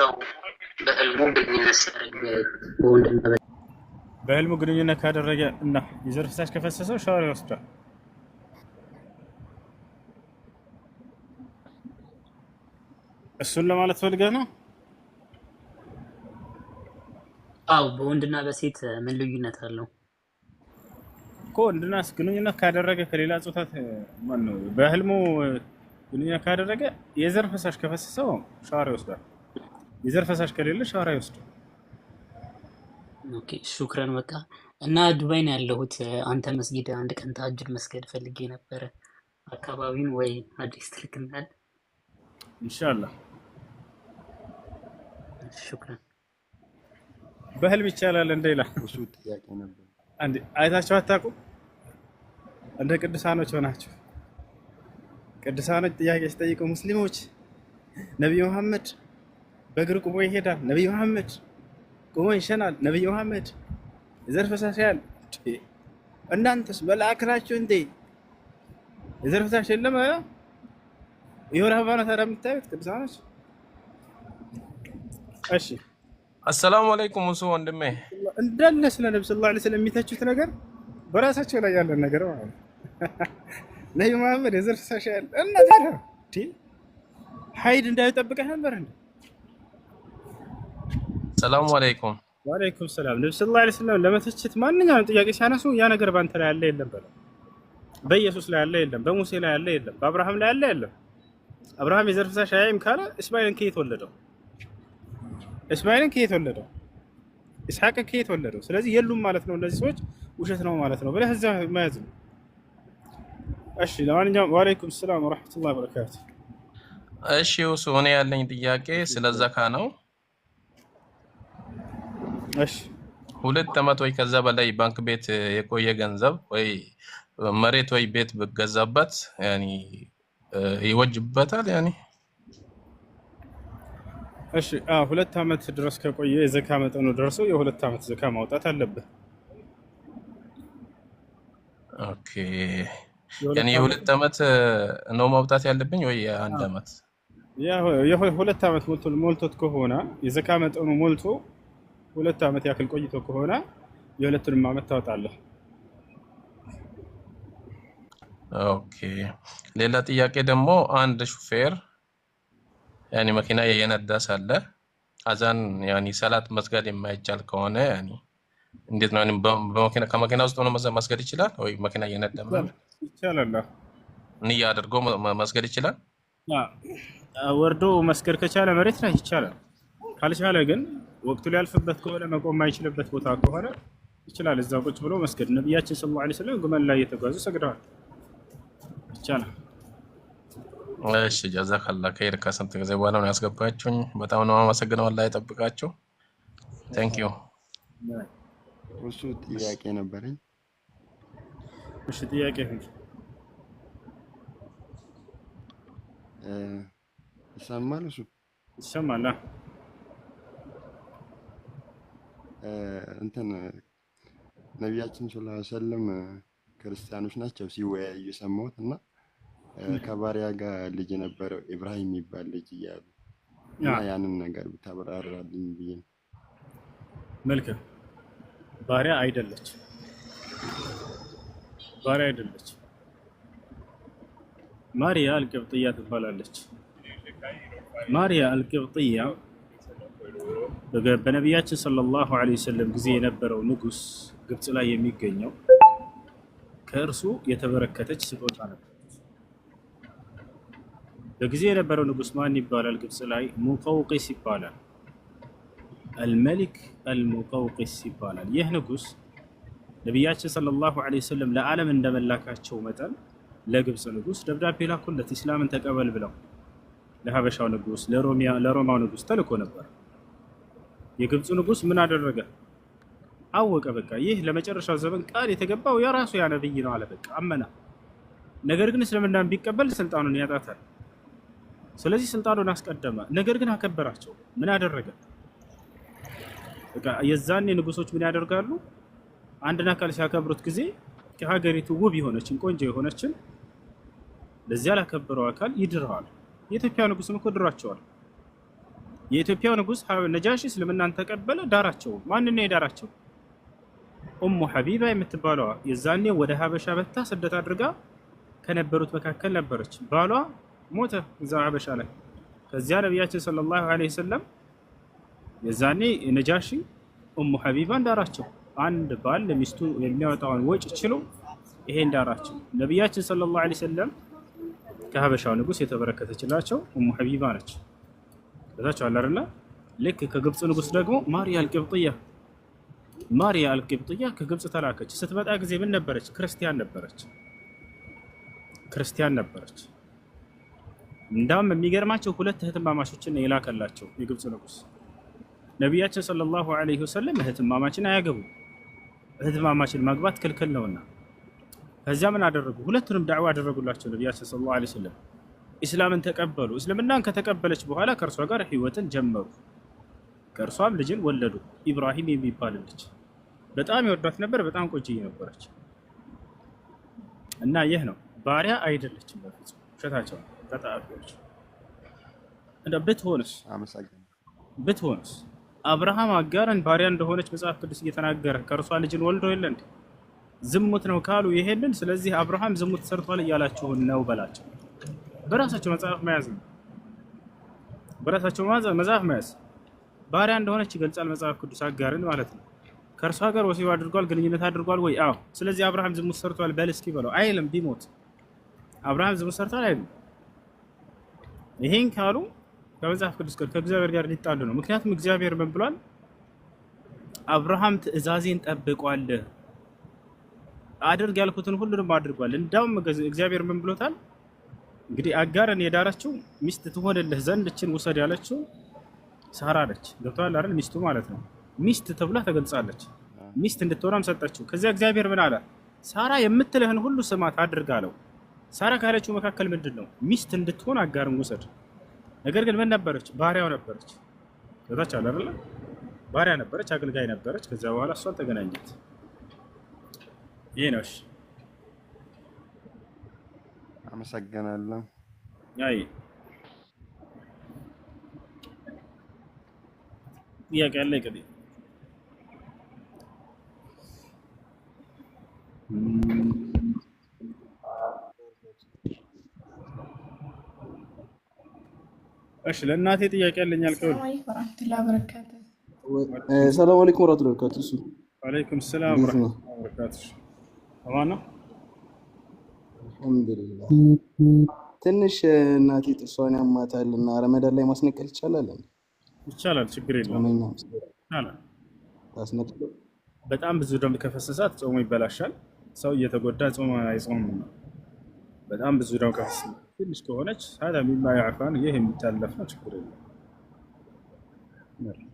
ሰው በህልሙ ግንኙነት በህልሙ ግንኙነት ካደረገ እና የዘር ፍሳሽ ከፈሰሰው ሻወር ይወስዳል። እሱን ለማለት ፈልገህ ነው? አው በወንድና በሴት ምን ልዩነት አለው እኮ? ወንድና ግንኙነት ካደረገ ከሌላ ጾታት ማነው? በህልሙ ግንኙነት ካደረገ የዘር ፍሳሽ ከፈሰሰው ሻወር ይወስዳል። የዘር ፈሳሽ ከሌለ ሻወር አይወስድም። ኦኬ ሹክረን በቃ እና ዱባይ ነው ያለሁት። አንተ መስጊድ አንድ ቀን ተሀጅድ መስገድ ፈልጌ ነበረ። አካባቢን ወይ አዲስ ትልክናል ኢንሻአላህ። ሹክረን በህልም ይቻላል እንደ ይላል አንዴ አይታችሁ አታውቁም? እንደ ቅዱሳኖች ሆናችሁ ቅዱሳኖች ጥያቄ ሲጠይቁ ሙስሊሞች ነቢዩ መሐመድ በእግር ቁሞ ይሄዳል። ነቢይ መሐመድ ቁሞ ይሸናል። ነቢይ መሐመድ የዘር ፈሳሽያን እናንተስ መልአክ ናችሁ እንዴ? የዘር ፈሳሽ የለም። የወር አበባ ነው ታዲያ የምታዩት ቅዱሳኖች። እሺ፣ አሰላሙ አለይኩም ሙሱ ወንድሜ፣ እንዳለ ስለ ነብዩ ሰለላሁ ዐለይሂ ወሰለም የሚተቹት ነገር በራሳቸው ላይ ያለን ነገር ማለት ነው። መሐመድ የዘር ፈሳሽ ያለ እና ሀይድ እንዳይጠብቀህ ነበር እንዴ? ሰላሙ አለይኩም ወአለይኩም ሰላም። ነብዩ ሰለላሁ ዐለይሂ ወሰለም ለመተቸት ማንኛውም ጥያቄ ሲያነሱ ያ ነገር ባንተ ላይ ያለ የለም በለው። በኢየሱስ ላይ ያለ የለም፣ በሙሴ ላይ ያለ የለም፣ በአብርሃም ላይ ያለ የለም። አብርሃም የዘር ፍሳሽ አያይም ካለ እስማኤልን ከየት ወለደው? እስማኤልን ከየት ወለደው? ኢስሐቅን ከየት ወለደው? ስለዚህ የሉም ማለት ነው። እነዚህ ሰዎች ውሸት ነው ማለት ነው ብለህ እዚያ መያዝ ነው። እሺ፣ ለማንኛውም ወአለይኩም ሰላም ወራህመቱላሂ ወበረካቱ። እሺ፣ እሱ እኔ ያለኝ ጥያቄ ስለዘካ ነው። ሁለት ዓመት ወይ ከዛ በላይ ባንክ ቤት የቆየ ገንዘብ ወይ መሬት ወይ ቤት ብገዛበት ያኒ ይወጅበታል። ያኒ እሺ፣ ሁለት ዓመት ድረስ ከቆየ የዘካ መጠኑ ደርሰው የሁለት ዓመት ዘካ ማውጣት አለብህ። ኦኬ፣ ያኒ የሁለት ዓመት ነው ማውጣት ያለብኝ ወይ የአንድ ዓመት? ያ ሁለት ዓመት ሞልቶት ከሆነ የዘካ መጠኑ ሞልቶ ሁለት ዓመት ያክል ቆይቶ ከሆነ የሁለቱንም ዓመት ታወጣለህ። ኦኬ። ሌላ ጥያቄ ደግሞ አንድ ሹፌር ያኔ መኪና የነዳ ሳለ አዛን ያኔ ሰላት መስገድ የማይቻል ከሆነ ያኔ እንዴት ነው? ከመኪና ውስጥ ሆኖ መስገድ ይችላል ወይ? መኪና እየነዳ ይቻላል። ንያ አድርጎ መስገድ ይችላል። ወርዶ መስገድ ከቻለ መሬት ላይ ይቻላል። ካልቻለ ግን ወቅቱ ሊያልፍበት ከሆነ መቆም ማይችልበት ቦታ ከሆነ ይችላል እዛ ቁጭ ብሎ መስገድ። ነቢያችን ሰለላሁ ዐለይሂ ወሰለም ግመል ላይ እየተጓዙ ሰግደዋል። ይቻላል። እሺ፣ ጀዛከላ ከይር። ከስንት ጊዜ በኋላ ነው ያስገባችሁኝ። በጣም ነው አመሰግነው። አላህ ይጠብቃችሁ። ታንክ ዩ። እሱ ጥያቄ ነበረኝ። እሺ፣ ጥያቄ ይሰማል። እሱ ይሰማል። እንትን ነቢያችን ስላ ሰለም ክርስቲያኖች ናቸው ሲወያዩ የሰማሁት እና ከባሪያ ጋር ልጅ የነበረው ኢብራሂም የሚባል ልጅ እያሉ እና ያንን ነገር ብታብራራልኝ ብዬ መልክ ባሪያ አይደለች፣ ባሪያ አይደለች። ማርያ አልቅብጥያ ትባላለች። ማርያ አልቅብጥያ በነቢያችን ሰለላሁ ዐለይሂ ወሰለም ጊዜ የነበረው ንጉስ ግብፅ ላይ የሚገኘው ከእርሱ የተበረከተች ስጦታ ነበረች። በጊዜ የነበረው ንጉስ ማን ይባላል? ግብፅ ላይ ሙቀውቅስ ይባላል። አልመሊክ አልሙቀውቅስ ይባላል። ይህ ንጉስ ነቢያችን ሰለላሁ ዐለይሂ ወሰለም ለዓለም እንደመላካቸው መጠን ለግብፅ ንጉስ ደብዳቤ ላኩለት፣ ኢስላምን ተቀበል ብለው። ለሀበሻው ንጉስ ለሮማው ንጉስ ተልኮ ነበር። የግብፁ ንጉስ ምን አደረገ? አወቀ። በቃ ይህ ለመጨረሻው ዘመን ቃል የተገባው የራሱ ያ ነብይ ነው አለ። በቃ አመና። ነገር ግን እስልምናን ቢቀበል ስልጣኑን ያጣታል። ስለዚህ ስልጣኑን አስቀደመ። ነገር ግን አከበራቸው። ምን አደረገ? በቃ የዛኔ ንጉሶች ምን ያደርጋሉ? አንድን አካል ሲያከብሩት ጊዜ ከሀገሪቱ ውብ የሆነችን ቆንጆ የሆነችን ለዚያ ላከበረው አካል ይድረዋል። የኢትዮጵያ ንጉስም እኮ ድሯቸዋል። የኢትዮጵያው ንጉስ ነጃሺ እስልምናን ተቀበለ። ዳራቸው ማን ነው የዳራቸው? ኡሙ ሐቢባ የምትባለዋ የዛኔ ወደ ሀበሻ በታ ስደት አድርጋ ከነበሩት መካከል ነበረች። ባሏ ሞተ እዛ ሀበሻ ላይ። ከዚያ ነቢያችን ሰለላሁ ዐለይሂ ወሰለም የዛኔ ነጃሺ ኡሙ ሐቢባን ዳራቸው። አንድ ባል ለሚስቱ የሚያወጣውን ወጪ ችሎ ይሄን ዳራቸው። ነቢያችን ሰለላሁ ዐለይሂ ወሰለም ከሀበሻው ንጉስ የተበረከተችላቸው ኡሙ ሐቢባ ነች። በዛቸው አለ አይደለ? ልክ ከግብፅ ንጉስ ደግሞ ማርያ አልቅብጥያ ማርያ አልቅብጥያ ከግብፅ ተላከች። ስትመጣ ጊዜ ምን ነበረች? ክርስቲያን ነበረች። ክርስቲያን ነበረች። እንዳም የሚገርማቸው ሁለት እህትማማቾችን የላከላቸው የግብፅ ንጉስ ነቢያችን ሰለላሁ ዐለይሂ ወሰለም እህትማማችን አያገቡም፣ እህትማማችን ማግባት ክልክል ነውና። ከዚያ ምን አደረጉ? ሁለቱንም ዳዕዋ አደረጉላቸው ነቢያችን ሰለላሁ ዐለይሂ ወሰለም ኢስላምን ተቀበሉ። እስልምናን ከተቀበለች በኋላ ከእርሷ ጋር ህይወትን ጀመሩ። ከእርሷም ልጅን ወለዱ፣ ኢብራሂም የሚባል ልጅ። በጣም ይወዷት ነበር፣ በጣም ቆጅ ነበረች። እና ይህ ነው ባሪያ አይደለችም፣ በፍጹም ውሸታቸው ተጣፊዎች። ብትሆንስ ብትሆንስ አብርሃም አጋርን ባሪያ እንደሆነች መጽሐፍ ቅዱስ እየተናገረ ከእርሷ ልጅን ወልዶ የለ እንዴ? ዝሙት ነው ካሉ ይሄንን። ስለዚህ አብርሃም ዝሙት ሰርቷል እያላችሁን ነው በላቸው። በራሳቸው መጽሐፍ መያዝ ነው። በራሳቸው መጽሐፍ መያዝ ባሪያ እንደሆነች ይገልጻል መጽሐፍ ቅዱስ አጋርን ማለት ነው። ከእርሷ ጋር ወሲብ አድርጓል፣ ግንኙነት አድርጓል ወይ? አዎ። ስለዚህ አብርሃም ዝሙት ሰርቷል በል እስኪ በለው አይልም። ቢሞት አብርሃም ዝሙት ሰርቷል አይልም። ይሄን ካሉ ከመጽሐፍ ቅዱስ ጋር ከእግዚአብሔር ጋር ሊጣሉ ነው። ምክንያቱም እግዚአብሔር ምን ብሏል? አብርሃም ትእዛዜን ጠብቋል፣ አድርግ ያልኩትን ሁሉንም አድርጓል። እንዳውም እግዚአብሔር ምን ብሎታል? እንግዲህ አጋርን የዳረችው ሚስት ትሆንልህ ዘንድ እችን ውሰድ ያለችው ሳራ አለች። ገብቶሃል አይደል? ሚስቱ ማለት ነው። ሚስት ተብላ ተገልጻለች። ሚስት እንድትሆናም ሰጠችው። ከዚያ እግዚአብሔር ምን አለ? ሳራ የምትልህን ሁሉ ስማት አድርግ አለው። ሳራ ካለችው መካከል ምንድን ነው? ሚስት እንድትሆን አጋርን ውሰድ። ነገር ግን ምን ነበረች? ባሪያው ነበረች። ታች አለ አይደለ? ባሪያ ነበረች፣ አገልጋይ ነበረች። ከዚያ በኋላ እሷን ተገናኘት። ይህ ነው። አመሰግናለሁ። አይ ጥያቄ አለ እንግዲህ እሺ ለእናቴ ጥያቄ አለኝ አልከው። ሰላም አለይኩም ወራህመቱላሂ ወበረካቱሁ። ወአለይኩም ሰላም ወራህመቱላሂ ወበረካቱሁ። አልሐምዱሊላህ። ትንሽ እናቴ ጥርሷን ያማታል እና ረመዳን ላይ ማስነቀል ይቻላል? ይቻላል፣ ችግር የለም። በጣም ብዙ ደም ከፈሰሳት ጾሙ ይበላሻል። ሰው እየተጎዳ ጾም አይጾም ነው። በጣም ብዙ ደም ከፈሰሳት ትንሽ ከሆነች ሀዳ ሚማ ያዕፋን ይህ የሚታለፍ ነው፣ ችግር የለም።